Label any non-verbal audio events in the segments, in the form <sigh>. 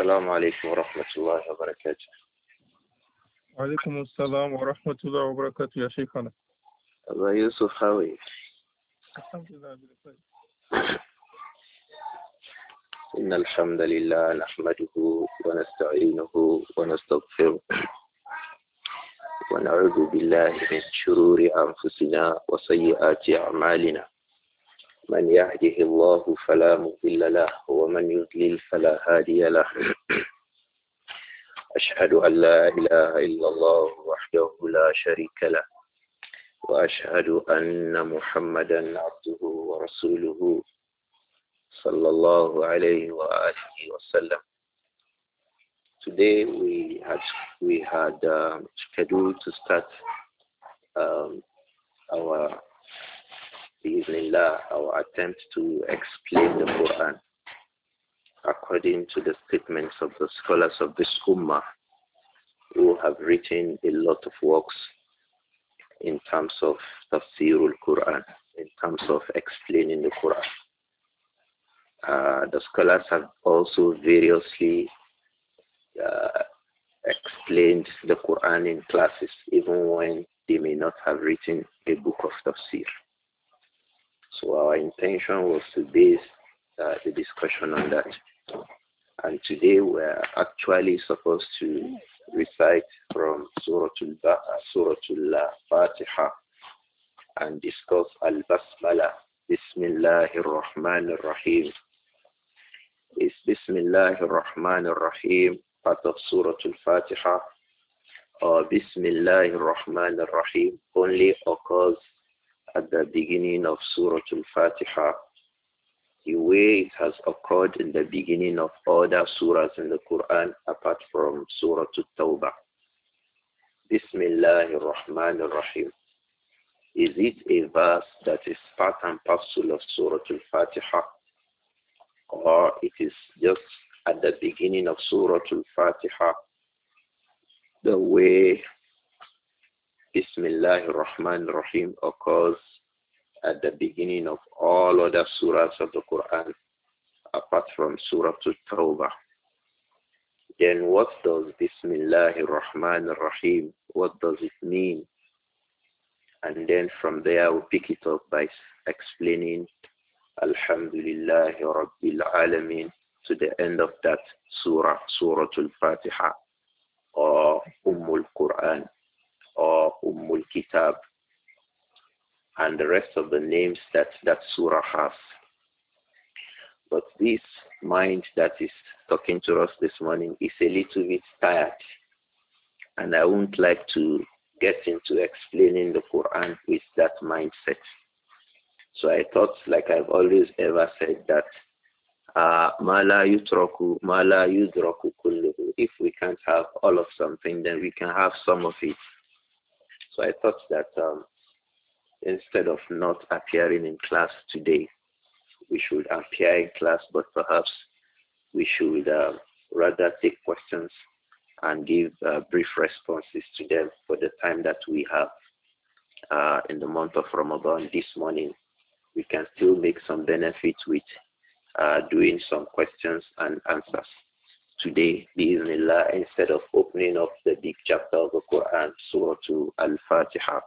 السلام عليكم ورحمة الله وبركاته وعليكم السلام ورحمة الله وبركاته يا شيخنا أبا يوسف خوي الحمد لله إيه؟ بالخير طيب. إن الحمد لله نحمده ونستعينه ونستغفره ونعوذ بالله من شرور أنفسنا وسيئات أعمالنا من يهده الله فلا مضل له ومن يضلل فلا هادي له أشهد أن لا إله إلا الله وحده لا شريك له وأشهد أن محمدا عبده ورسوله صلى الله عليه وآله وسلم Today we had we had um, scheduled to start um, our Bismillah, our attempt to explain the Quran according to the statements of the scholars of the Ummah who have written a lot of works in terms of tafsirul Quran, in terms of explaining the Quran. Uh, the scholars have also variously uh, explained the Quran in classes, even when they may not have written a book of tafsir. So our intention was to base uh, the discussion on that. And today we are actually supposed to recite from Surah uh, Al-Fatiha and discuss Al-Basmala. Bismillahir Rahmanir Rahim. Is Bismillahir Rahmanir Rahim part of Surah Al-Fatiha or Bismillahir Rahmanir Rahim only occurs at the beginning of Surah Al-Fatiha, the way it has occurred in the beginning of other surahs in the Quran apart from Surah Al-Tawbah. Bismillah ar-Rahman ar-Rahim. Is it a verse that is part and parcel of Surah Al-Fatiha? Or it is just at the beginning of Surah Al-Fatiha the way Bismillah ar-Rahman rahim occurs at the beginning of all other surahs of the Quran apart from Surah Al-Tawbah. Then what does Bismillah ar-Rahman rahim what does it mean? And then from there we pick it up by explaining Alhamdulillah Rabbil Alameen to the end of that surah, Surah Al-Fatiha or Ummul Quran. Ummul Kitab and the rest of the names that that surah has. But this mind that is talking to us this morning is a little bit tired. And I wouldn't like to get into explaining the Quran with that mindset. So I thought, like I've always ever said, that uh, mala yutraku, mala yudraku kulluhu. If we can't have all of something, then we can have some of it. So I thought that um, instead of not appearing in class today, we should appear in class, but perhaps we should um, rather take questions and give uh, brief responses to them for the time that we have uh, in the month of Ramadan this morning. We can still make some benefit with uh, doing some questions and answers today, bi'idhnillah, instead of opening up the big chapter of the Quran, Surah Al-Fatiha.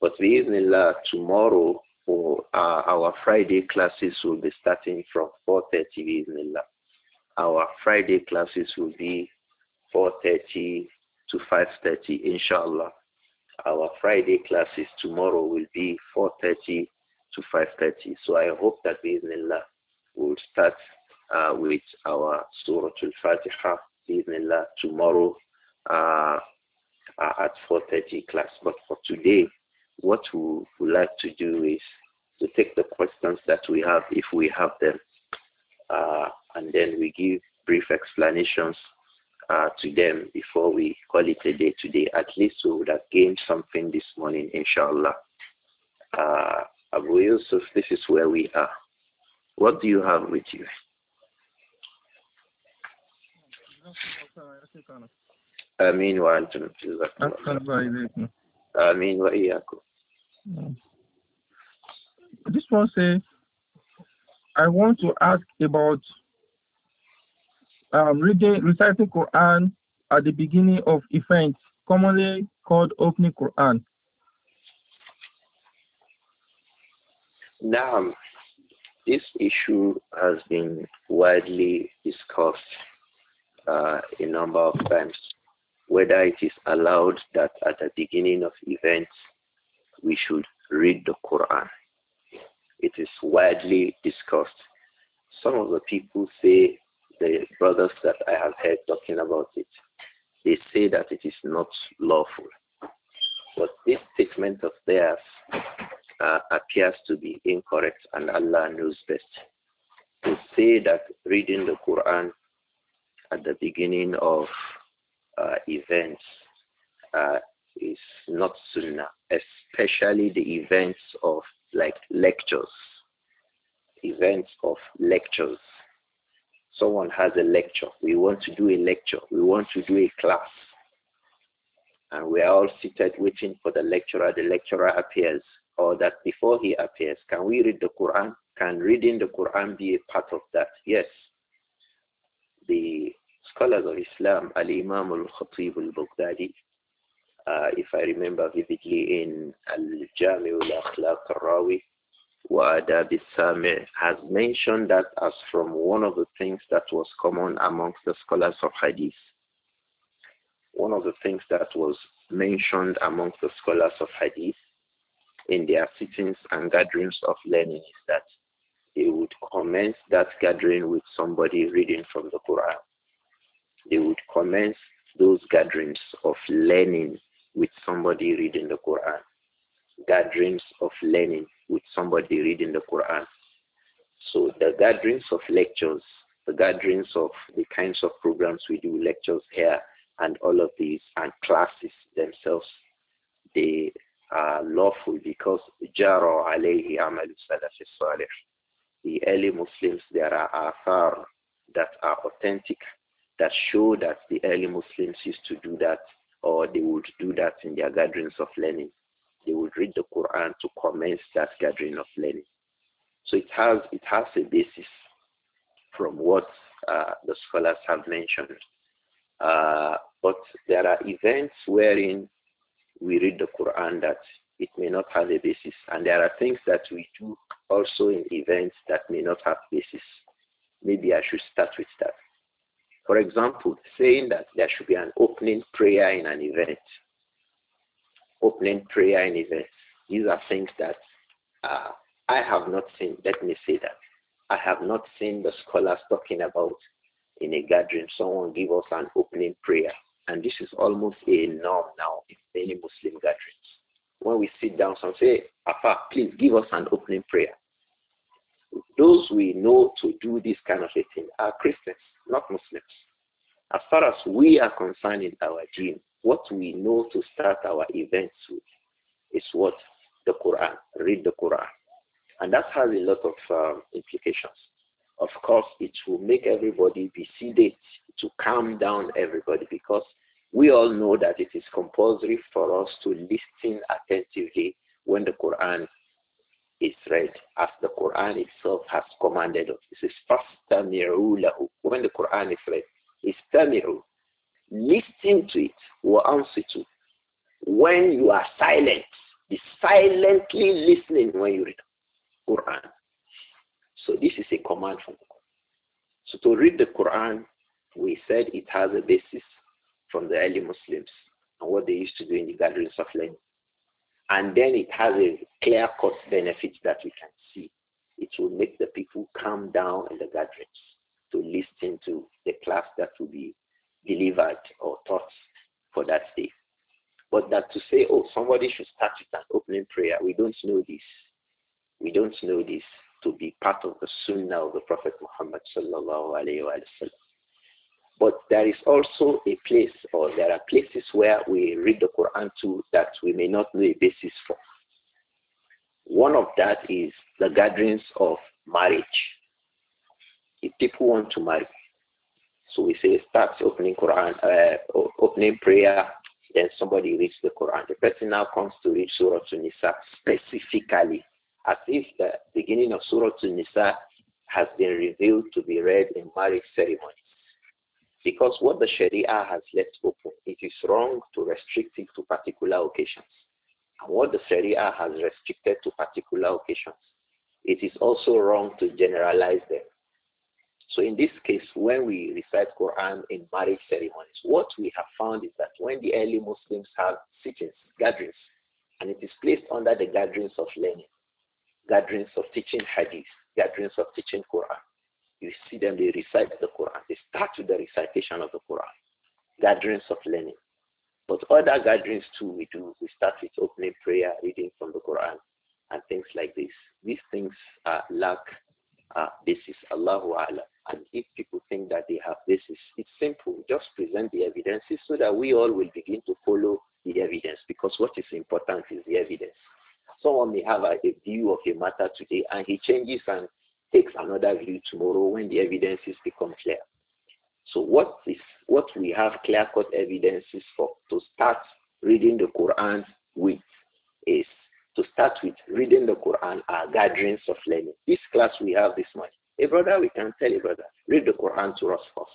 But bi'idhnillah, tomorrow, for, uh, our Friday classes will be starting from 4.30 bi'idhnillah. Our Friday classes will be 4.30 to 5.30, inshallah. Our Friday classes tomorrow will be 4.30 to 5.30. So I hope that bi'idhnillah will start uh, with our Surah Al-Fatiha, Bismillah, tomorrow uh, uh at 4.30 class. But for today, what we would like to do is to take the questions that we have, if we have them, uh, and then we give brief explanations uh, to them before we call it a day today. At least we would have gained something this morning, inshallah. Uh, Abu Yusuf, this is where we are. What do you have with you? آمين وأنتم الله آمين وإياكم This one says, I want to ask about um, reading, reciting Quran at the beginning of events, commonly called opening Quran. Now, this issue has been widely discussed uh, a number of times, whether it is allowed that at the beginning of events we should read the Quran. It is widely discussed. Some of the people say, the brothers that I have heard talking about it, they say that it is not lawful. But this statement of theirs uh, appears to be incorrect and Allah knows best. They say that reading the Quran at the beginning of uh, events uh, is not sunnah, especially the events of like lectures, events of lectures. Someone has a lecture. We want to do a lecture. We want to do a class. And we are all seated waiting for the lecturer. The lecturer appears or that before he appears, can we read the Quran? Can reading the Quran be a part of that? Yes. The scholars of Islam, Al-Imam Al-Khatib Al-Baghdadi, uh, if I remember vividly, in Al-Jami' Al-Akhlaq Al-Rawi wa sami has mentioned that as from one of the things that was common amongst the scholars of Hadith. One of the things that was mentioned amongst the scholars of Hadith in their sittings and gatherings of learning is that they would commence that gathering with somebody reading from the Quran they would commence those gatherings of learning with somebody reading the Quran. Gatherings of learning with somebody reading the Quran. So the gatherings of lectures, the gatherings of the kinds of programs we do, lectures here and all of these, and classes themselves, they are lawful because jaro alayhi amalu salaf The early Muslims, there are afar that are authentic that show that the early Muslims used to do that or they would do that in their gatherings of learning. They would read the Quran to commence that gathering of learning. So it has it has a basis from what uh, the scholars have mentioned. Uh, but there are events wherein we read the Quran that it may not have a basis, and there are things that we do also in events that may not have basis. Maybe I should start with that. For example, saying that there should be an opening prayer in an event. Opening prayer in events. These are things that uh, I have not seen. Let me say that. I have not seen the scholars talking about in a gathering, someone give us an opening prayer. And this is almost a norm now in many Muslim gatherings. When we sit down, some say, Afa, please give us an opening prayer. Those we know to do this kind of a thing are Christians not Muslims. As far as we are concerned in our deen, what we know to start our events with is what the Quran. Read the Quran. And that has a lot of um, implications. Of course, it will make everybody be sedate, to calm down everybody, because we all know that it is compulsory for us to listen attentively when the Quran is read as the Quran itself has commanded us. is says, فَاسْتَمِعُوا لَهُ When the Quran is read, استمعوا Listen to it. or answer to. When you are silent, be silently listening when you read Quran. So this is a command from the Quran. So to read the Quran, we said it has a basis from the early Muslims and what they used to do in the gatherings of learning. And then it has a clear-cut benefit that we can see. It will make the people calm down in the gatherings to listen to the class that will be delivered or taught for that day. But that to say, oh, somebody should start with an opening prayer, we don't know this. We don't know this to be part of the sunnah of the Prophet Muhammad sallallahu alayhi wa sallam. But there is also a place or there are places where we read the Quran to that we may not know a basis for. One of that is the gatherings of marriage. If people want to marry, so we say start opening Quran, uh, opening prayer, then somebody reads the Quran. The person now comes to read Surah Nisa specifically, as if the beginning of Surah Nisa has been revealed to be read in marriage ceremony. Because what the Sharia has left open, it is wrong to restrict it to particular occasions. And what the Sharia has restricted to particular occasions, it is also wrong to generalize them. So in this case, when we recite Quran in marriage ceremonies, what we have found is that when the early Muslims have sittings, gatherings, and it is placed under the gatherings of learning, gatherings of teaching hadith, gatherings of teaching Quran, you see them, they recite the Quran. They start the recitation of the Quran, gatherings of learning. But other gatherings too we do, we start with opening prayer, reading from the Quran, and things like this. These things uh, lack uh, basis, Allahu Allah. And if people think that they have basis, it's simple. Just present the evidences so that we all will begin to follow the evidence because what is important is the evidence. Someone may have a, a view of a matter today and he changes and takes another view tomorrow when the evidences become clear. So what is what we have clear-cut evidences for to start reading the Quran with is to start with reading the Quran are gatherings of learning. This class we have this much. A brother, we can tell a brother, read the Quran to us first.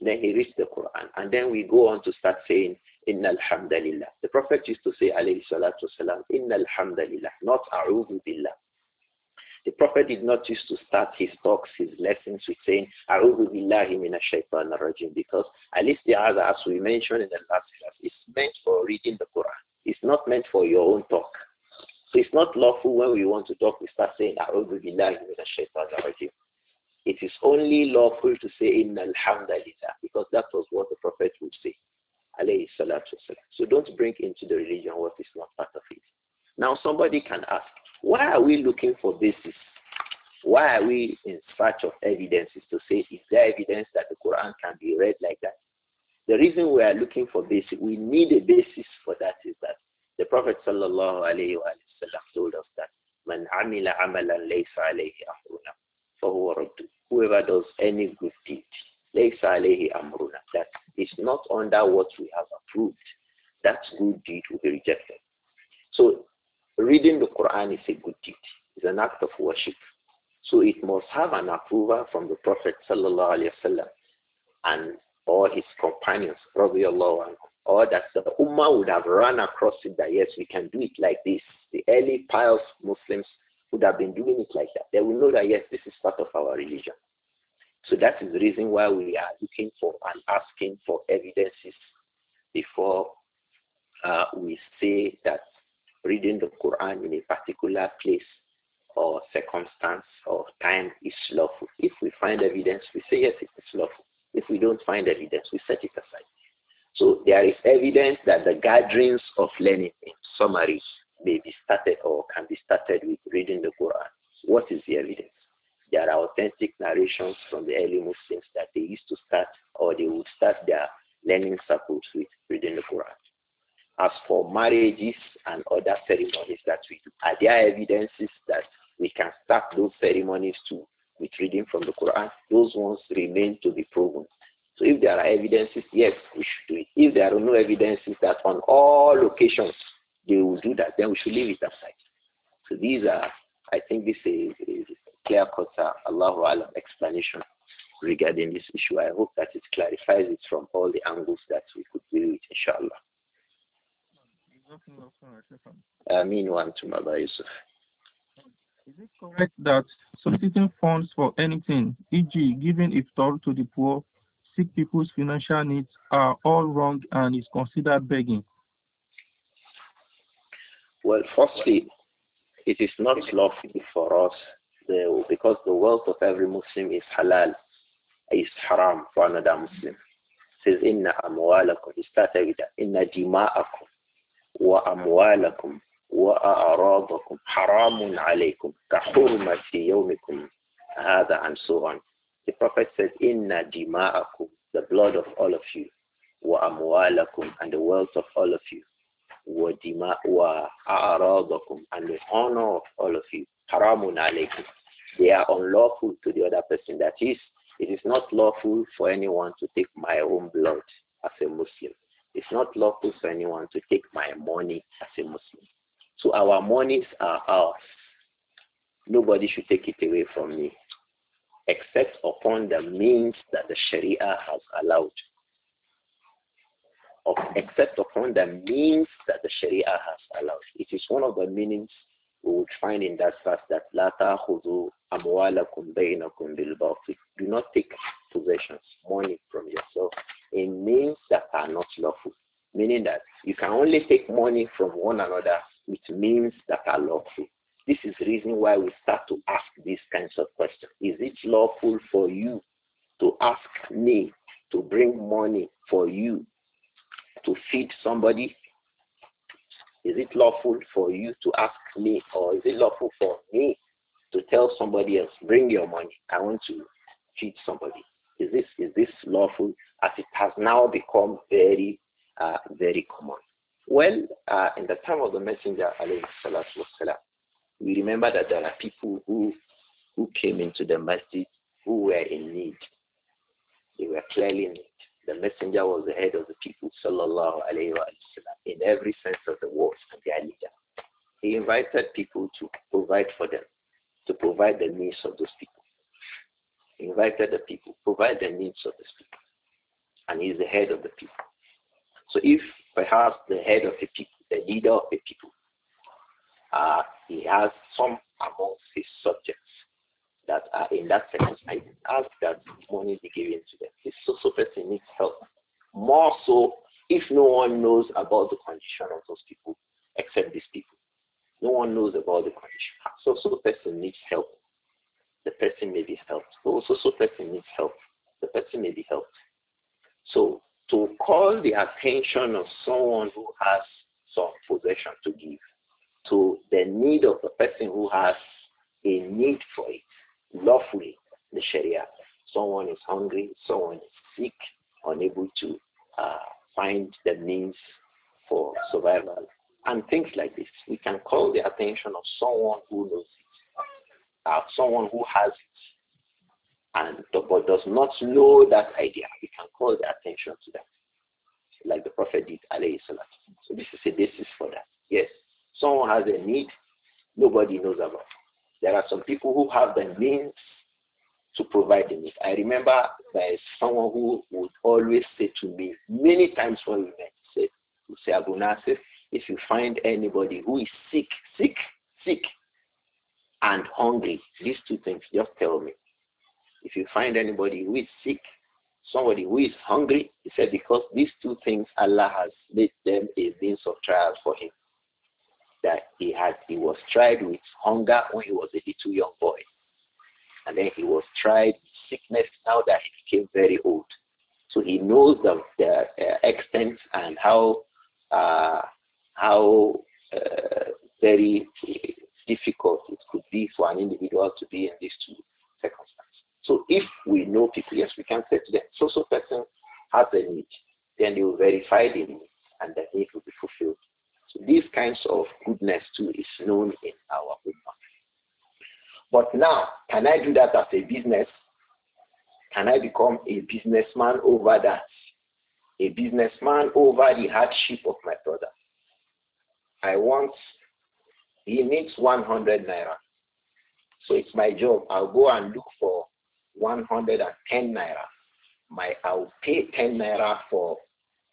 Then he reads the Quran. And then we go on to start saying, Inna alhamdulillah. The Prophet used to say, alayhi salatu wasalam, Inna alhamdulillah, not a'udhu billah. The Prophet did not used to start his talks, his lessons with saying, A'udhu billahi minashaitan rajim because at least the other, as we mentioned in the last class, is meant for reading the Quran. It's not meant for your own talk. So it's not lawful when we want to talk, we start saying, A'udhu billahi minashaitan rajim. It is only lawful to say, Inna alhamdulillah, because that was what the Prophet would say. So don't bring into the religion what is not part of it. Now somebody can ask, why are we looking for basis? Why are we in search of evidences to say, is there evidence that the Quran can be read like that? The reason we are looking for basis, we need a basis for that is that the Prophet sallallahu alayhi wa told us that man amila amalan laysa amruna fahuwa raddu. Whoever does any good deed, laysa alayhi amruna, that is not under what we have approved, that good deed will be rejected. So Reading the Quran is a good deed. It's an act of worship. So it must have an approval from the Prophet sallallahu and all his companions and or that the Ummah would have run across it that yes, we can do it like this. The early pious Muslims would have been doing it like that. They will know that yes, this is part of our religion. So that is the reason why we are looking for and asking for evidences before uh, we say that reading the Quran in a particular place or circumstance or time is lawful. If we find evidence, we say yes, it is lawful. If we don't find evidence, we set it aside. So there is evidence that the gatherings of learning in summary may be started or can be started with reading the Quran. What is the evidence? There are authentic narrations from the early Muslims that they used to start or they would start their learning circles with reading the Quran. As for marriages and other ceremonies that we do, are there evidences that we can start those ceremonies too with reading from the Quran? Those ones remain to be proven. So if there are evidences, yes, we should do it. If there are no evidences that on all occasions they will do that, then we should leave it aside. So these are, I think this is, is clear-cut, uh, Allahu Alam explanation regarding this issue. I hope that it clarifies it from all the angles that we could deal with, inshallah. Yusuf. Is it correct that soliciting funds for anything, e.g., giving iftar to the poor, sick people's financial needs are all wrong and is considered begging? Well, firstly, it is not lawful for us because the wealth of every Muslim is halal, is haram for another Muslim. It says, Inna amwalakum, he started with that, Inna dima'akum wa amwalakum وأعراضكم حرام عليكم كحرمة يومكم هذا and so on. The Prophet said, إِنَّ دِمَاءَكُمْ The blood of all of you. وَأَمْوَالَكُمْ And the wealth of all of you. وَدِمَاءَ وَأَعْرَاضَكُمْ And the honor of all of you. حَرَامٌ عَلَيْكُمْ They are unlawful to the other person. That is, it is not lawful for anyone to take my own blood as a Muslim. It's not lawful for anyone to take my money as a Muslim. So our monies are ours. Nobody should take it away from me except upon the means that the Sharia has allowed. Except upon the means that the Sharia has allowed. It is one of the meanings we would find in that verse that Lata Hudu Amwalakum Bainakum Do not take possessions, money from yourself in means that are not lawful. Meaning that you can only take money from one another which means that are lawful. This is the reason why we start to ask these kinds of questions. Is it lawful for you to ask me to bring money for you to feed somebody? Is it lawful for you to ask me or is it lawful for me to tell somebody else, bring your money, I want to feed somebody? Is this, is this lawful as it has now become very, uh, very common? Well, uh, in the time of the Messenger, والسلام, we remember that there are people who who came into the masjid who were in need. They were clearly in need. The messenger was the head of the people, sallallahu alayhi in every sense of the word, and their leader. He invited people to provide for them, to provide the needs of those people. He invited the people, provide the needs of those people. And he is the head of the people. So if perhaps the head of a people, the leader of a people. Uh, he has some amongst his subjects that are in that sentence. I ask that money be given to them. His social person needs help. More so if no one knows about the condition of attention of someone who has some possession to give to the need of the person who has a need for it lawfully, the Sharia. Someone is hungry, someone is sick, unable to uh, find the means for survival, and things like this. We can call the attention of someone who knows it, uh, someone who has it, and but does not know that a means to provide the need. I remember there is someone who would always say to me many times when we met, say, say Abu Nasir, if you find anybody who is sick, sick, sick, and hungry, these two things, just tell me. If you find anybody who is sick, somebody who is hungry, he said, because these two things Allah has made them a means of trial for him. That he had he was tried with hunger when he was tried sickness now that he became very old. So he knows the, the uh, extent and how uh, how uh, very uh, difficult it could be for an individual to be in these two circumstances. So if we know people, yes, we can say to them, so so person has a need, then they will verify the need and the need will be fulfilled. So these kinds of goodness too is known in our Ummah. But now, can I do that as a business? Can I become a businessman over that? A businessman over the hardship of my brother. I want, he needs 100 naira. So it's my job. I'll go and look for 110 naira. My, I'll pay 10 naira for,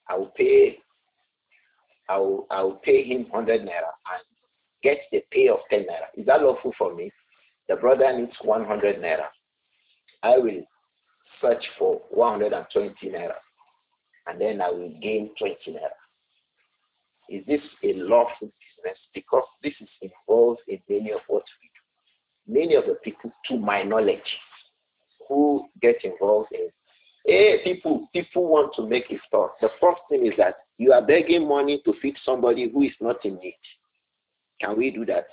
I'll pay, I'll, I'll pay him 100 naira and get the pay of 10 naira. Is that lawful for me? The brother needs 100 naira. I will search for 120 naira and then I will gain 20 naira. Is this a lawful business? Because this is involved in many of what we do. Many of the people, to my knowledge, who get involved in, hey, people, people want to make a store. The first thing is that you are begging money to feed somebody who is not in need. Can we do that?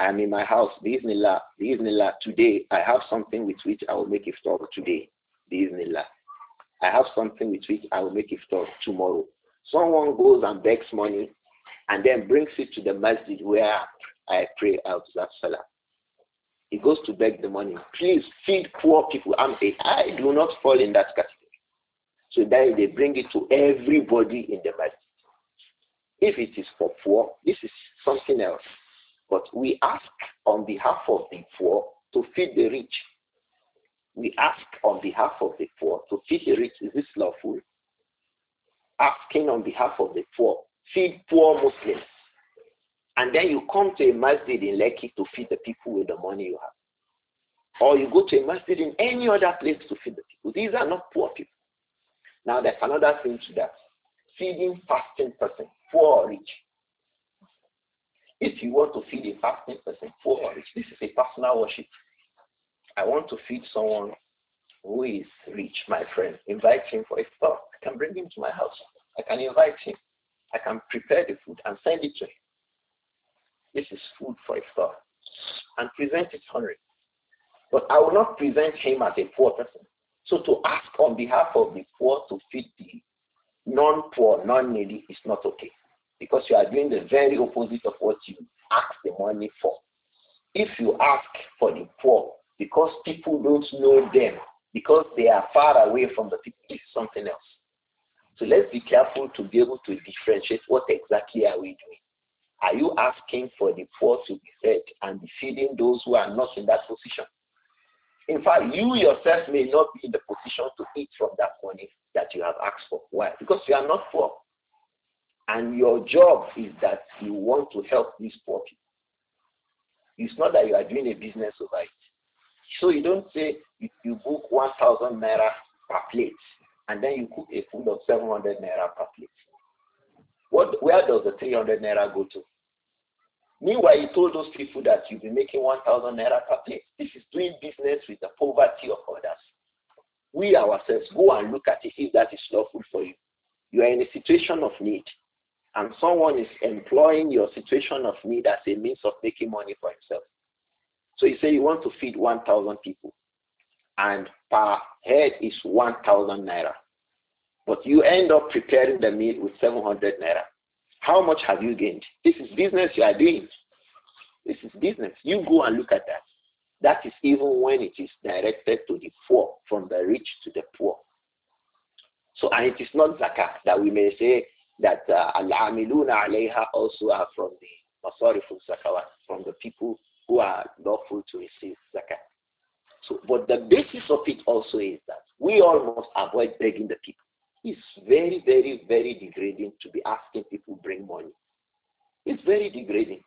I am in my house, Bismillah, Bismillah, today I have something with which I will make iftar today, Bismillah. I have something with which I will make iftar tomorrow. Someone goes and begs money and then brings it to the masjid where I pray out that salah. He goes to beg the money. Please feed poor people. I'm a, I do not fall in that category. So then they bring it to everybody in the masjid. If it is for poor, this is something else but we ask on behalf of the poor to feed the rich. We ask on behalf of the poor to feed the rich. Is this lawful? Asking on behalf of the poor, feed poor Muslims. And then you come to a masjid in Lekki to feed the people with the money you have. Or you go to a masjid in any other place to feed the people. These are not poor people. Now there's another thing to that. Feeding fasting person, poor or rich. If you want to feed a fasting person, for This is a personal worship. I want to feed someone who is rich, my friend. Invite him for a talk. I can bring him to my house. I can invite him. I can prepare the food and send it to him. This is food for a star. And present it hungry. But I will not present him as a poor person. So to ask on behalf of the poor to feed the non-poor, non-needy is not okay. Because you are doing the very opposite of what you ask the money for. If you ask for the poor, because people don't know them, because they are far away from the people, it's something else. So let's be careful to be able to differentiate what exactly are we doing. Are you asking for the poor to be fed and feeding those who are not in that position? In fact, you yourself may not be in the position to eat from that money that you have asked for. Why? Because you are not poor. And your job is that you want to help these poor people. It's not that you are doing a business over it. So you don't say you book 1,000 naira per plate and then you cook a food of 700 naira per plate. What, where does the 300 naira go to? Meanwhile, you told those people that you'll be making 1,000 naira per plate. This is doing business with the poverty of others. We ourselves go and look at it if that is lawful for you. You are in a situation of need and someone is employing your situation of need as a means of making money for himself. So you say you want to feed 1,000 people, and per head is 1,000 naira. But you end up preparing the meal with 700 naira. How much have you gained? This is business you are doing. This is business. You go and look at that. That is even when it is directed to the poor, from the rich to the poor. So, and it is not zakat that we may say that uh, al-amiluna alayha also are from the masariful zakawat, from the people who are lawful to receive zakat. So, but the basis of it also is that we all must avoid begging the people. It's very, very, very degrading to be asking people bring money. It's very degrading.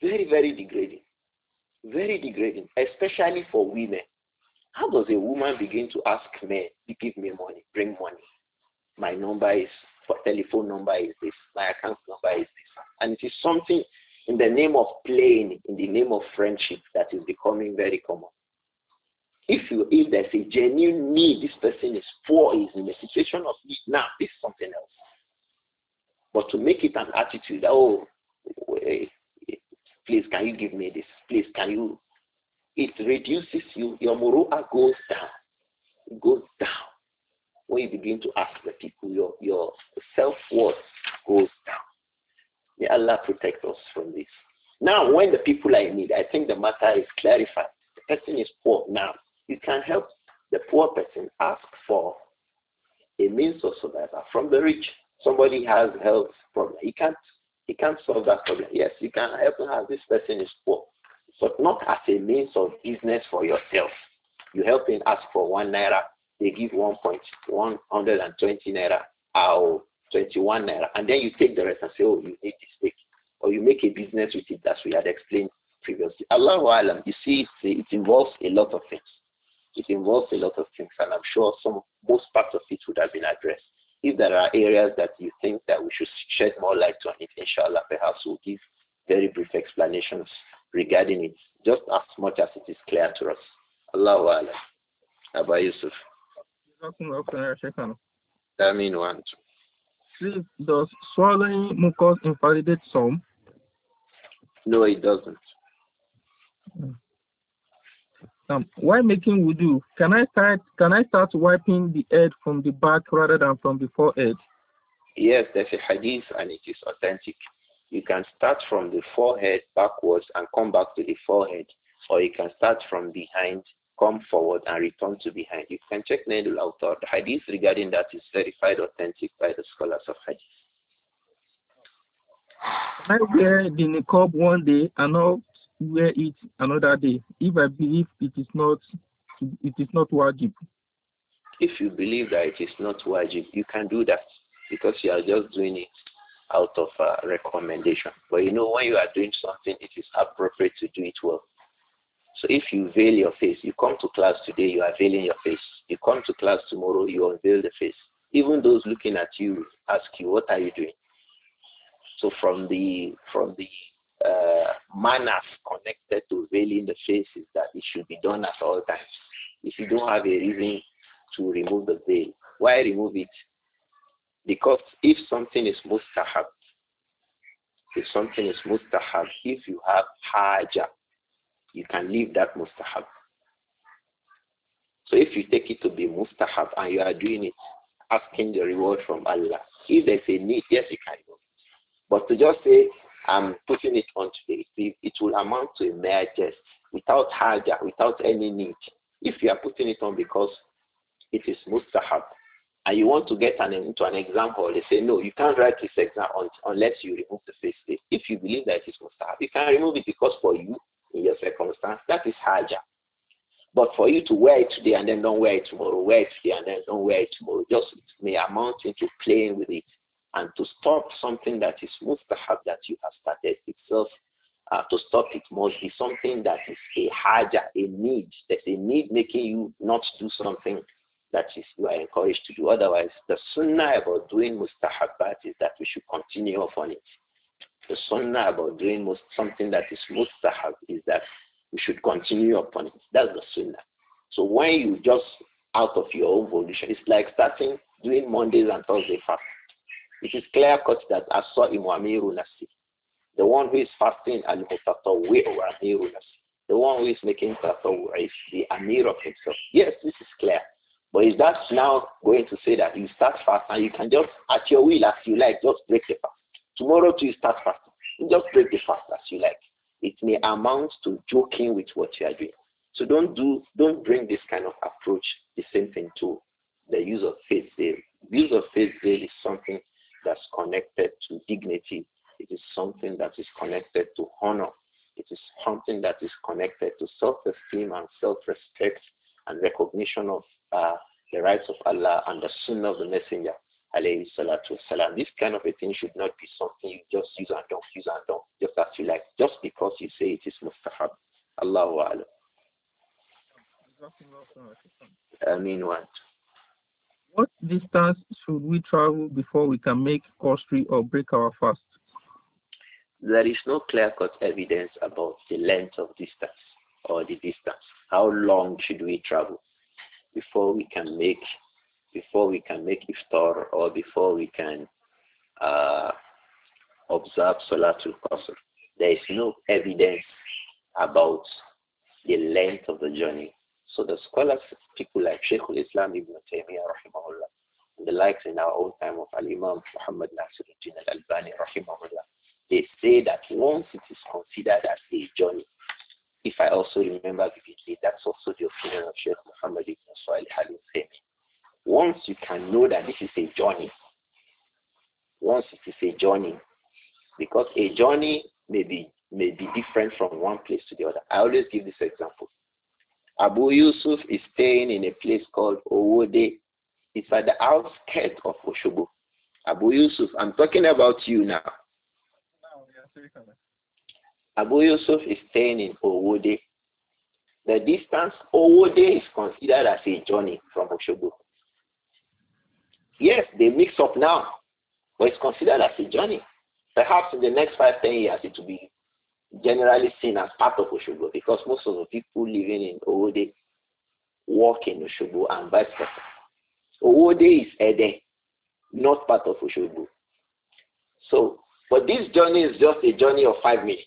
Very, very degrading. Very degrading, especially for women. How does a woman begin to ask men, give me money, bring money? My number is telephone number is this. My account number is this. And it is something in the name of playing, in the name of friendship that is becoming very common. If you if there's a genuine need, this person is poor, is in a situation of need now, this is something else. But to make it an attitude, oh eh, please can you give me this? Please can you it reduces you, your morale goes down. It goes down. When you begin to ask the people, your, your self-worth goes down. May Allah protect us from this. Now, when the people are in need, I think the matter is clarified. The person is poor now. You can help the poor person ask for a means of survival from the rich. Somebody has health problem. He can't he can't solve that problem. Yes, you can help him as this person is poor, but not as a means of business for yourself. You help him ask for one naira they give one point one hundred and twenty naira ah, or oh, twenty one naira, and then you take the rest and say, oh, you need this take, or you make a business with it as we had explained previously. Allahu alam. You see, it, it involves a lot of things. It involves a lot of things, and I'm sure some most parts of it would have been addressed. If there are areas that you think that we should shed more light on it, inshallah, perhaps we'll give very brief explanations regarding it, just as much as it is clear to us. Allahu alam. Abba Yusuf. Please, does swallowing mucus invalidate some? No, it doesn't. Hmm. Um, making wudu, can I start can I start wiping the head from the back rather than from the forehead? Yes, there's a hadith and it is authentic. You can start from the forehead backwards and come back to the forehead, or you can start from behind come forward and return to behind. You can check Nailul Autor. The hadith regarding that is verified authentic by the scholars of hadith. I wear the niqab one day and not wear it another day if I believe it is not it is not wajib. If you believe that it is not wajib, you can do that because you are just doing it out of uh, recommendation. But you know, when you are doing something, it is appropriate to do it well. So if you veil your face, you come to class today, you are veiling your face. You come to class tomorrow, you unveil the face. Even those looking at you ask you, what are you doing? So from the from the uh, manners connected to veiling the face is that it should be done at all times. If you don't have a reason to remove the veil, why remove it? Because if something is mustahab, if something is mustahab, if you have haja, you can leave that mustahab. So if you take it to be mustahab and you are doing it, asking the reward from Allah, if there's a need, yes, you can go. But to just say, I'm putting it on today, it will amount to a mere jest without haja, without any need. If you are putting it on because it is mustahab, and you want to get an, into an exam hall, they say, no, you can't write this exam unless you remove the face. If you believe that it is mustahab, you can remove it because for you, in your circumstance, that is haja. But for you to wear it today and then don't wear it tomorrow, wear it today and then don't wear it tomorrow, just may amount into playing with it and to stop something that is mustahab that you have started itself, uh, to stop it must be something that is a haja, a need. There's a need making you not do something that is you are encouraged to do. Otherwise, the sunnah about doing mustahabat is that we should continue on it. The sunnah about doing most, something that is mustahab is that we should continue upon it. That's the sunnah. So when you just out of your own volition, it's like starting doing Mondays and Thursday fast. It is clear cut that I saw Imamiru Nasi. The one who is fasting and Mutatawi or Amiru The one who is making Tatawu is the Amir of himself. Yes, this is clear. But is that now going to say that you start fast and you can just, at your will, as you like, just break the fast? Tomorrow to start fasting. Just break the fast as you like. It may amount to joking with what you are doing. So don't do, don't bring this kind of approach, the same thing to the use of faith veil. Use of faith veil is something that's connected to dignity. It is something that is connected to honor. It is something that is connected to self-esteem and self-respect and recognition of uh, the rights of Allah and the sunnah of the messenger alayhi salatu wasalam. This kind of a thing should not be something you just use and don't use and don't, just as you like, just because you say it is mustahab. Allahu alam. I mean what? What distance should we travel before we can make costry or break our fast? There is no clear-cut evidence about the length of distance or the distance. How long should we travel before we can make before we can make iftar or before we can uh, observe Salatul Qasr. There is no evidence about the length of the journey. So the scholars, people like Sheikh al-Islam Ibn Taymiyyah rahimahullah, and the likes in our own time of Al-Imam Muhammad Nasiruddin al-Albani rahimahullah, they say that once it is considered as a journey, if I also remember vividly, that's also the opinion of Sheikh Muhammad Ibn Salih al-Husaymi once you can know that this is a journey, once it is a journey, because a journey may be may be different from one place to the other. I always give this example. Abu Yusuf is staying in a place called Owode. It's at the outskirts of Oshobo. Abu Yusuf, I'm talking about you now. Abu Yusuf is staying in Owode. The distance Owode is considered as a journey from Oshobo. Yes, they mix up now, but it's considered as a journey. Perhaps in the next five, ten years, it will be generally seen as part of Oshobo because most of the people living in Owode work in Oshobo and vice versa. Owode is Ede, not part of Oshobo. So, but this journey is just a journey of five minutes.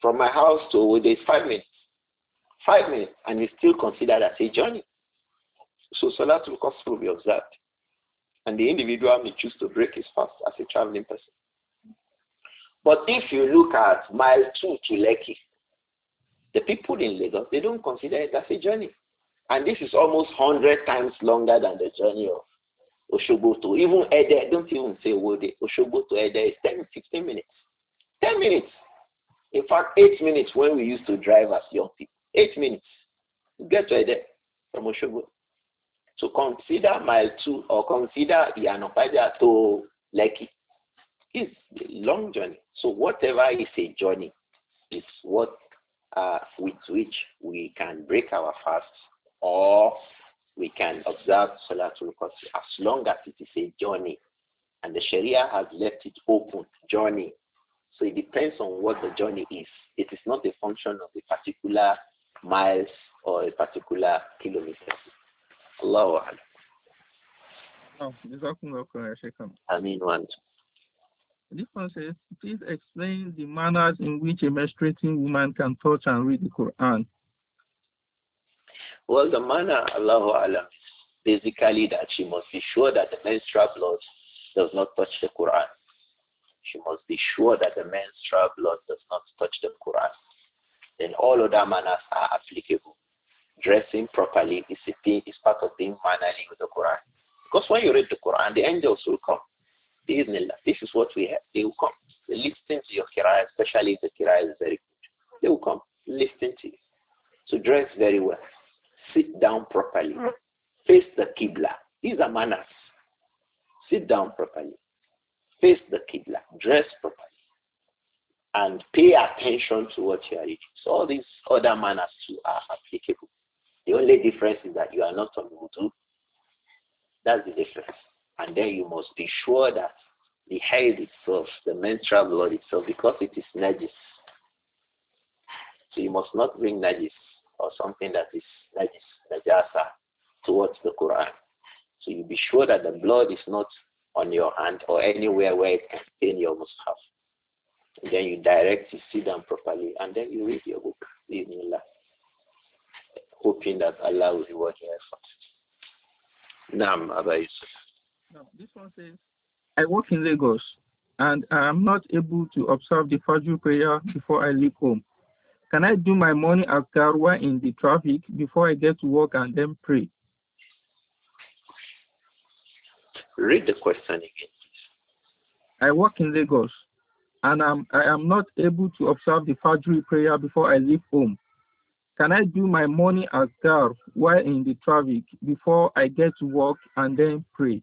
From my house to Owode is five minutes. Five minutes, and it's still considered as a journey. So Salatul Qasr will be observed. And the individual may choose to break his fast as a traveling person. But if you look at mile two to Lekki, the people in Lagos, they don't consider it as a journey. And this is almost 100 times longer than the journey of Oshobo to even Ede. Don't even say Wode. Oshobo to Ede is 10, 15 minutes. 10 minutes. In fact, 8 minutes when we used to drive as young people. 8 minutes. You get to Ede from Oshobo. To consider mile two or consider Yanopaja to Leki It's a long journey. So whatever is a journey is what uh, with which we can break our fast or we can observe Salatul Qasr as long as it is a journey. And the Sharia has left it open, journey. So it depends on what the journey is. It is not a function of a particular miles or a particular kilometers. الله أعلم Oh, Amin one. This one says, please explain the manners in which a menstruating woman can touch and read the Quran. Well, the manner, Allahu Alam, basically that she must be sure that the menstrual blood does not touch the Quran. She must be sure that the menstrual blood does not touch the Quran. Then all other manners are applicable dressing properly is, thing, is part of being mannerly with the Quran. Because when you read the Quran, the angels will come. This is what we have. They will come. They listen to your kira, especially if the kira is very good. They will come. Listen to you. So dress very well. Sit down properly. Face the Qibla. These are manners. Sit down properly. Face the Qibla. Dress properly. And pay attention to what you are reading. So all these other manners too are applicable. The only difference is that you are not on wudu. That's the difference. And then you must be sure that the head itself, the menstrual blood itself, because it is najis. So you must not bring najis or something that is najis, najasa, towards the Quran. So you be sure that the blood is not on your hand or anywhere where it can stain your mushaf. then you direct, you sit down properly, and then you read your book. Bismillah hoping that Allah will reward your effort. Naam, Abba Yusuf. this one says, I work in Lagos and I am not able to observe the Fajr prayer before I leave home. Can I do my morning after while in the traffic before I get to work and then pray? Read the question again. please. I work in Lagos and I'm, I am not able to observe the Fajr prayer before I leave home. Can I do my morning azkar while in the traffic before I get to work and then pray?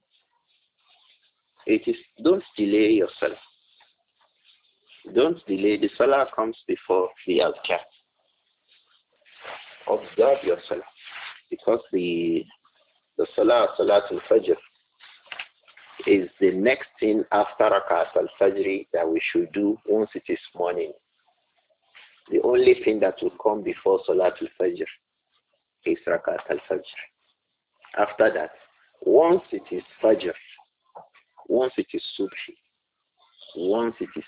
It is don't delay yourself. Don't delay. The salah comes before the azkar. Observe yourself, because the the salah, salat al-fajr, is the next thing after rakat al-fajr that we should do once it is morning. The only thing that will come before Salatul Fajr is Rakat al-Fajr. After that, once it is Fajr, once it is Subhi, once it is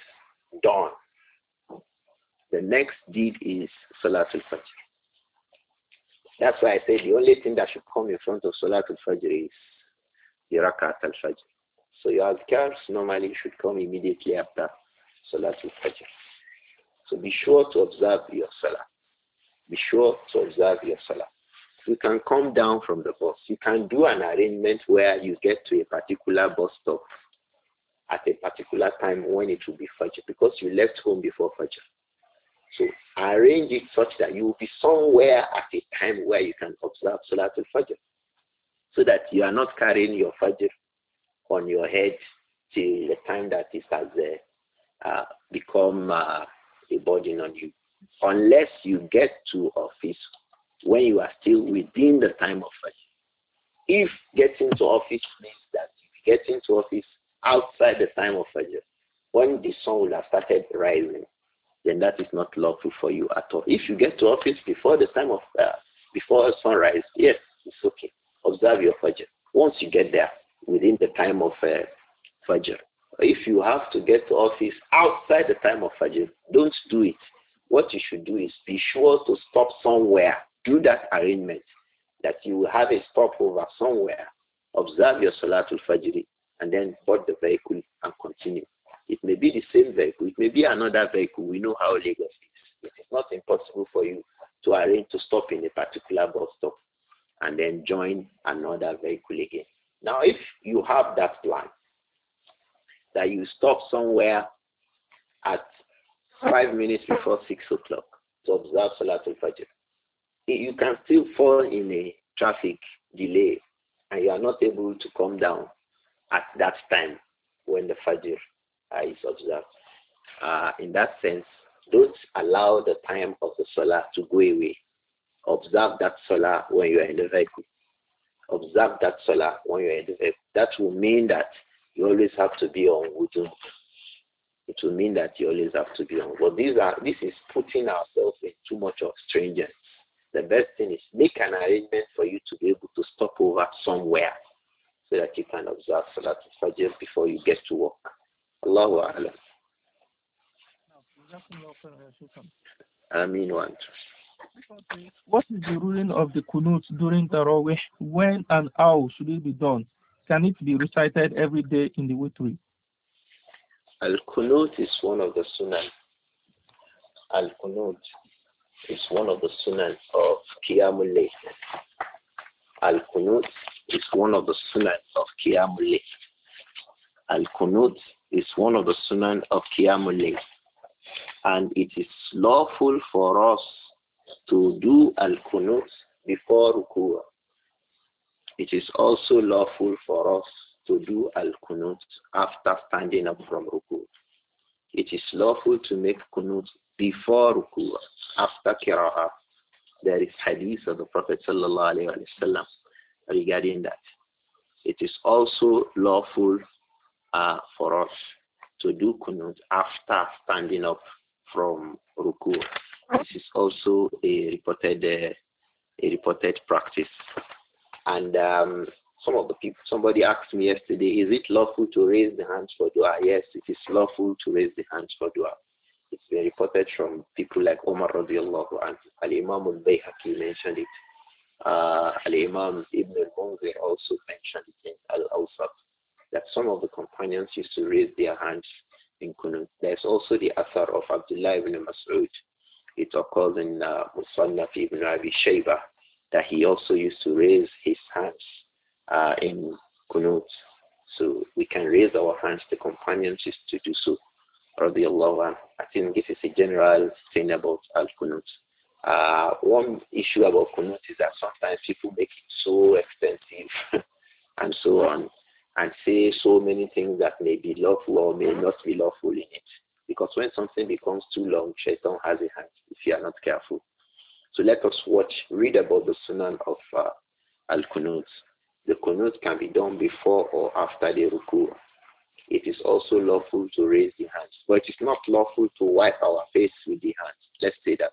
dawn, the next deed is Salatul Fajr. That's why I say the only thing that should come in front of Salatul Fajr is the Rakat al-Fajr. So your adhkars normally should come immediately after Salatul Fajr. So be sure to observe your salah. Be sure to observe your salah. You can come down from the bus. You can do an arrangement where you get to a particular bus stop at a particular time when it will be Fajr because you left home before Fajr. So arrange it such that you will be somewhere at a time where you can observe Salatul Fajr so that you are not carrying your Fajr on your head till the time that it has uh, uh become uh, a burden on you unless you get to office when you are still within the time of fasting. If getting to office means that you get into office outside the time of Fajr, when the sun will have started rising, then that is not lawful for you at all. If you get to office before the time of uh, before sunrise, yes, it's okay. Observe your Fajr. Once you get there, within the time of uh, Fajr, if you have to get to office outside the time of Fajr, don't do it. What you should do is be sure to stop somewhere. Do that arrangement that you will have a stopover somewhere. Observe your Salatul Fajr and then board the vehicle and continue. It may be the same vehicle. It may be another vehicle. We know how Lagos is. It is not impossible for you to arrange to stop in a particular bus stop and then join another vehicle again. Now, if you have that plan, that you stop somewhere at five minutes before six o'clock to observe Salatul Fajr. You can still fall in a traffic delay and you are not able to come down at that time when the Fajr uh, is observed. Uh, in that sense, don't allow the time of the Salah to go away. Observe that Salah when you are in the vehicle. Observe that Salah when you are in the vehicle. That will mean that you always have to be on wudu. It will mean that you always have to be on. But these are this is putting ourselves in too much of stringence. The best thing is make an arrangement for you to be able to stop over somewhere so that you can observe Salat Fajr before you get to work. Allahu Akbar. I mean What is the ruling of the kunut during Tarawih? When and how should it be done? Can it be recited every day in the witri? al kunut is one of the sunan. al kunut is one of the sunan of Qiyamul Layl. al kunut is one of the sunan of Qiyamul Layl. al kunut is one of the sunan of Qiyamul Layl. And it is lawful for us to do al kunut before Ruku'ah it is also lawful for us to do al-kunut after standing up from ruku. It is lawful to make kunut before ruku, after kiraha. There is hadith of the Prophet sallallahu wasallam regarding that. It is also lawful uh, for us to do kunut after standing up from ruku. This is also a reported uh, a reported practice and um, some of the people, somebody asked me yesterday, is it lawful to raise the hands for dua? Yes, it is lawful to raise the hands for dua. It's been reported from people like Omar radiallahu anhu. Ali imam al-Bayhaqi mentioned it. Uh, imam Ibn al-Munzir also mentioned it in al that some of the companions used to raise their hands in Kunut. There's also the Athar of Abdullah ibn Mas'ud. It occurs in uh, Musannaf ibn Abi Shaybah that he also used to raise his hands uh, in kunut. So we can raise our hands. The companions used to do so. I think this is a general thing about al kunut. Uh, one issue about kunut is that sometimes people make it so expensive <laughs> and so on, and say so many things that may be lawful or may not be lawful in it. Because when something becomes too long, shaitan has a hand if you are not careful. So let us watch, read about the Sunan of uh, al kunut The kunut can be done before or after the Ruku. It is also lawful to raise the hands, but it is not lawful to wipe our face with the hands. Let's say that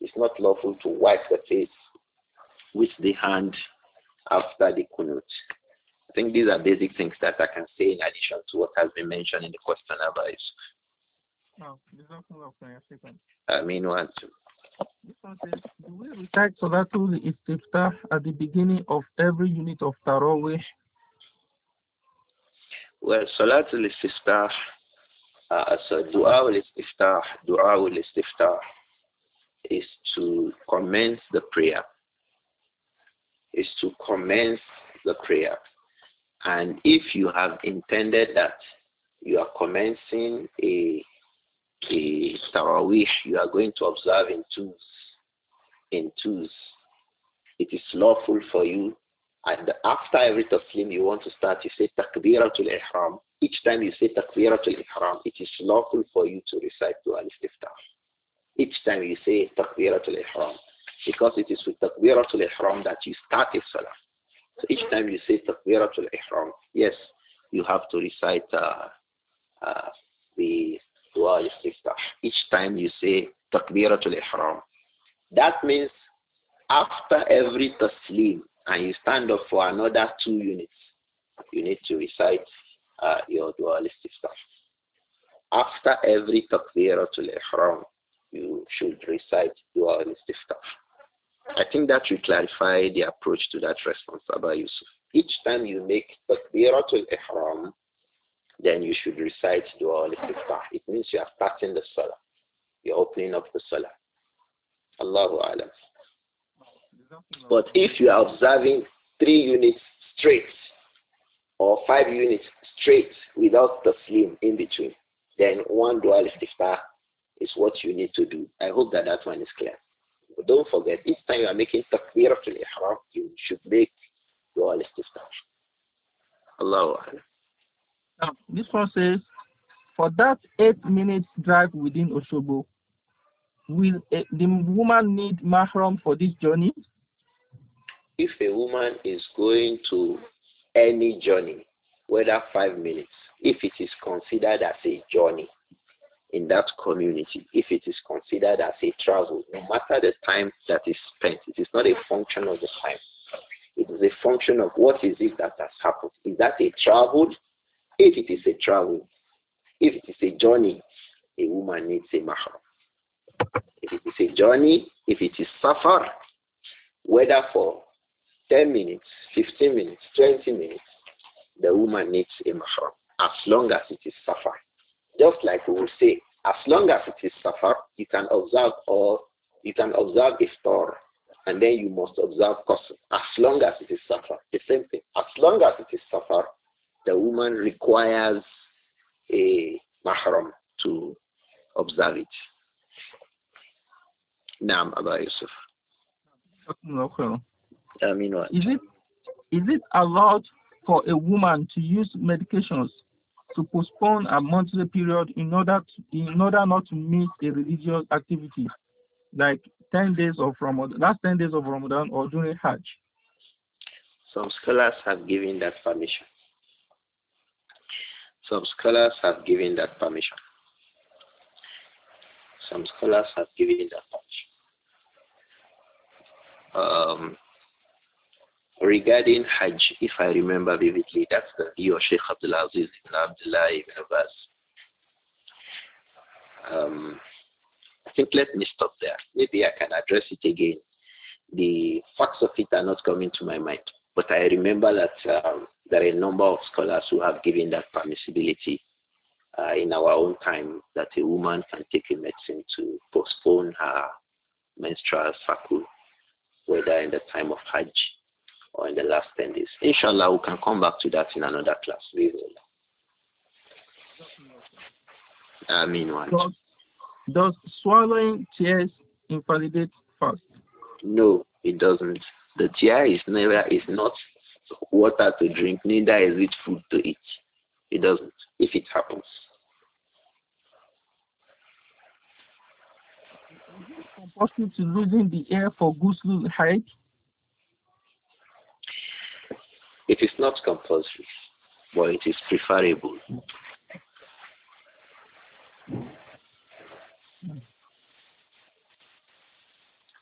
It's not lawful to wipe the face with the hand after the kunut. I think these are basic things that I can say in addition to what has been mentioned in the question otherwise. No, there's nothing left. I mean, uh, one, two. So the, way we recite Salatul Istiftah at the beginning of every unit of Taraweeh? Well, Salatul Istiftah, uh, so Dua al-Istiftah, Dua al-Istiftah is to commence the prayer. Is to commence the prayer. And if you have intended that you are commencing a the Taraweeh you are going to observe in twos. In twos. It is lawful for you. And after every taslim you want to start, you say takbiratul ihram. Each time you say takbiratul ihram, it is lawful for you to recite to al-istiftah. Each time you say takbiratul ihram. Because it is with takbiratul ihram that you start a salah. So each time you say takbiratul ihram, yes, you have to recite uh, uh, the Dua Istiftah. Each time you say Takbiratul Ihram. That means after every Taslim and you stand up for another two units, you need to recite uh, your Dua Istiftah. After every Takbiratul Ihram, you should recite Dua Istiftah. I think that will clarify the approach to that response, Abba Yusuf. Each time you make Takbiratul Ihram, then you should recite Dua al-Istiftah. It means you are starting the Salah. You're opening up the Salah. Allahu Alam. But if you are observing three units straight or five units straight without the slim in between, then one al istiftah is what you need to do. I hope that that one is clear. But don't forget, each time you are making the ihram, you should make dual istiftah. Allahu alam this one says, for that eight minutes drive within Oshobo, will a, the woman need mahram for this journey? If a woman is going to any journey, whether five minutes, if it is considered as a journey in that community, if it is considered as a travel, no matter the time that is spent, it is not a function of the time. It is a function of what is it that has happened. Is that a travel if it is a travel, if it is a journey, a woman needs a mahram. If it is a journey, if it is safar, whether for 10 minutes, 15 minutes, 20 minutes, the woman needs a mahram as long as it is safar. Just like we will say, as long as it is safar, you can observe or you can observe iftar and then you must observe qasr as long as it is safar. The same thing. As long as it is safar, the woman requires a mahram to observe it. Naam, Abba Yusuf. Is it, is it allowed for a woman to use medications to postpone a monthly period in order to, in order not to miss a religious activity like 10 days of Ramadan, last 10 days of Ramadan or during Hajj? Some scholars have given that permission. Some scholars have given that permission. Some scholars have given that permission. Um, regarding Hajj, if I remember vividly, that's the view of Sheikh Abdul Aziz ibn Abdullah ibn Abbas. Um, I think let me stop there. Maybe I can address it again. The facts of it are not coming to my mind, but I remember that um, there are a number of scholars who have given that permissibility uh, in our own time that a woman can take a medicine to postpone her menstrual cycle, whether in the time of Hajj or in the last 10 days. Inshallah, we can come back to that in another class. I mean, Does, does swallowing tears invalidate fast? No, it doesn't. The tear is never is not water to drink, neither is it food to eat. It doesn't, if it happens. Compulsory to losing the air for ghusl height? It is not compulsory, but it is preferable.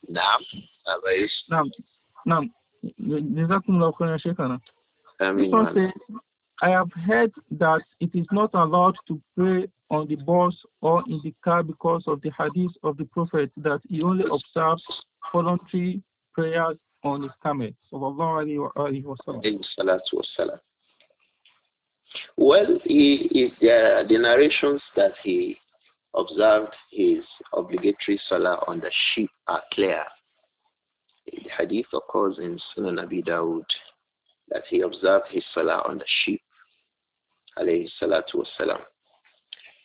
Now, now, now, this one says, I have heard that it is not allowed to pray on the bus or in the car because of the hadith of the Prophet that he only observes voluntary prayers on his camel. Well, he, he, uh, the narrations that he observed his obligatory salah on the sheep are clear. The hadith occurs in Sunan Abi Dawud that he observed his salah on the sheep, alayhi salatu wasalam.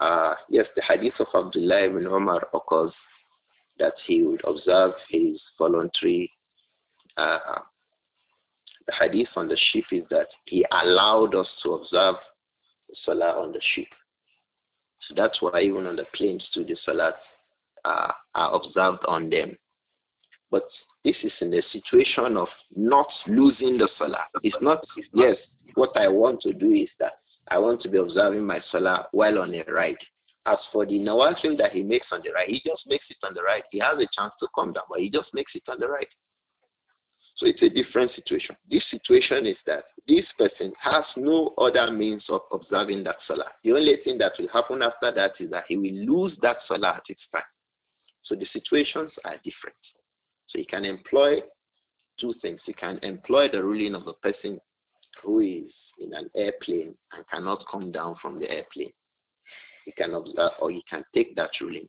Uh, yes, the hadith of Abdullah ibn Umar occurs that he would observe his voluntary uh, the hadith on the sheep is that he allowed us to observe the salah on the sheep. So that's why even on the plains to the salat uh, are observed on them. But this is in a situation of not losing the salah. It's not, yes, what I want to do is that I want to be observing my salah while on a ride. As for the nawafil that he makes on the right, he just makes it on the right. He has a chance to come down, but he just makes it on the right. So it's a different situation. This situation is that this person has no other means of observing that salah. The only thing that will happen after that is that he will lose that salah at its time. So the situations are different. So he can employ two things. He can employ the ruling of the person who is in an airplane and cannot come down from the airplane. He can observe or he can take that ruling.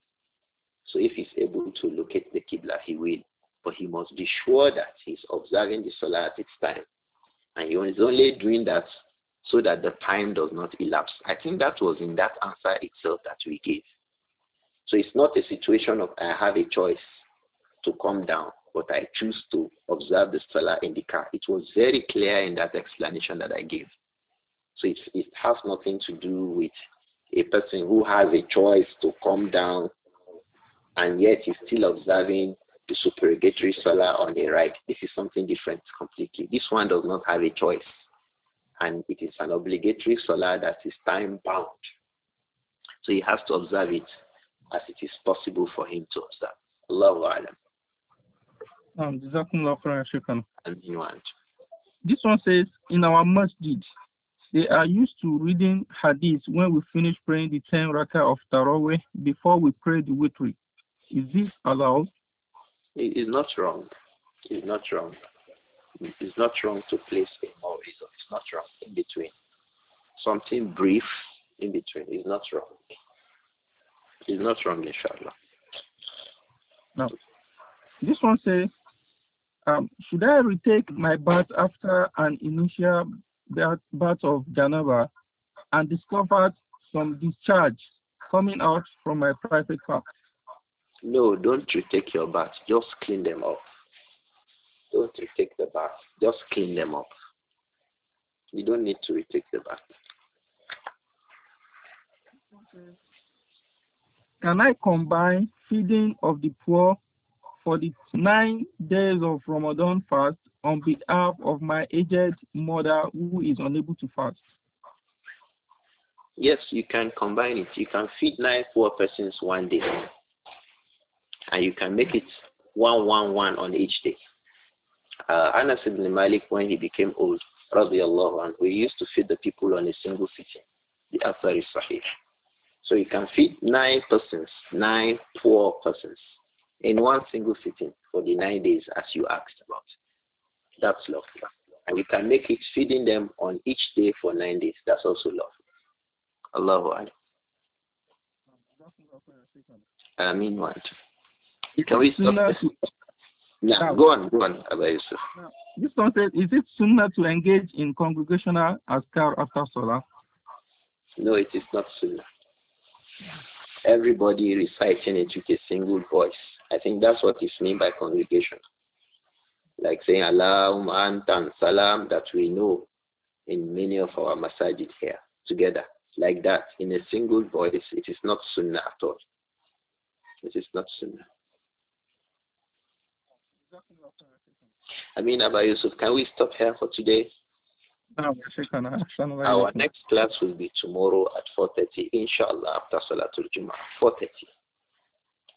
So if he's able to locate the Qibla, he will. But he must be sure that he's observing the solar at its time. And he is only doing that so that the time does not elapse. I think that was in that answer itself that we gave. So it's not a situation of I have a choice to come down but I choose to observe the solar in the car. It was very clear in that explanation that I gave. So it, it has nothing to do with a person who has a choice to come down and yet is still observing the supererogatory solar on the right. This is something different completely. This one does not have a choice. And it is an obligatory solar that is time bound. So he has to observe it as it is possible for him to observe. Allahu Alam. Um, this one says, in our masjid, they are used to reading hadith when we finish praying the 10 rakah of Taraweh before we pray the witri. Is this allowed? It is not wrong. It is not wrong. It is not wrong to place a more. It's not wrong in between. Something brief in between is not wrong. It's not wrong, inshallah. No. This one says, um, should I retake my bath after an initial bath of Janava and discovered some discharge coming out from my private part? No, don't retake your bath. Just clean them up. Don't retake the bath. Just clean them up. You don't need to retake the bath. Okay. Can I combine feeding of the poor for the nine days of Ramadan fast on behalf of my aged mother who is unable to fast? Yes, you can combine it. You can feed nine poor persons one day, and you can make it one one one on each day. Uh, Anas ibn Malik, when he became old, radiallahu and we used to feed the people on a single sitting. The Athar is Sahih. So you can feed nine persons, nine poor persons in one single sitting for the nine days as you asked about. That's love. And you can make it feeding them on each day for nine days. That's also love. Allah Akbar. I mean what? Can we stop this? Yeah, go on, go on, Abba Yusuf. this one says, is it sunnah to engage in congregational askar after salah? No, it is not sunnah. Everybody reciting it with a single voice I think that's what is meant by congregation. Like saying Allahumma antan salam that we know in many of our masajid here together. Like that, in a single voice, it is not sunnah at all. It is not sunnah. I mean, Abba Yusuf, can we stop here for today? Our next class will be tomorrow at 4.30, inshallah, after Salatul Jum'ah, 4.30.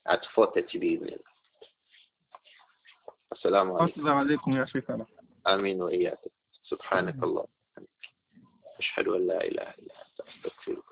at 4.30 بإذن الله السلام عليكم السلام عليكم يا شيخنا آمين واياك سبحانك اللهم أشهد أن لا إله إلا أنت أستغفرك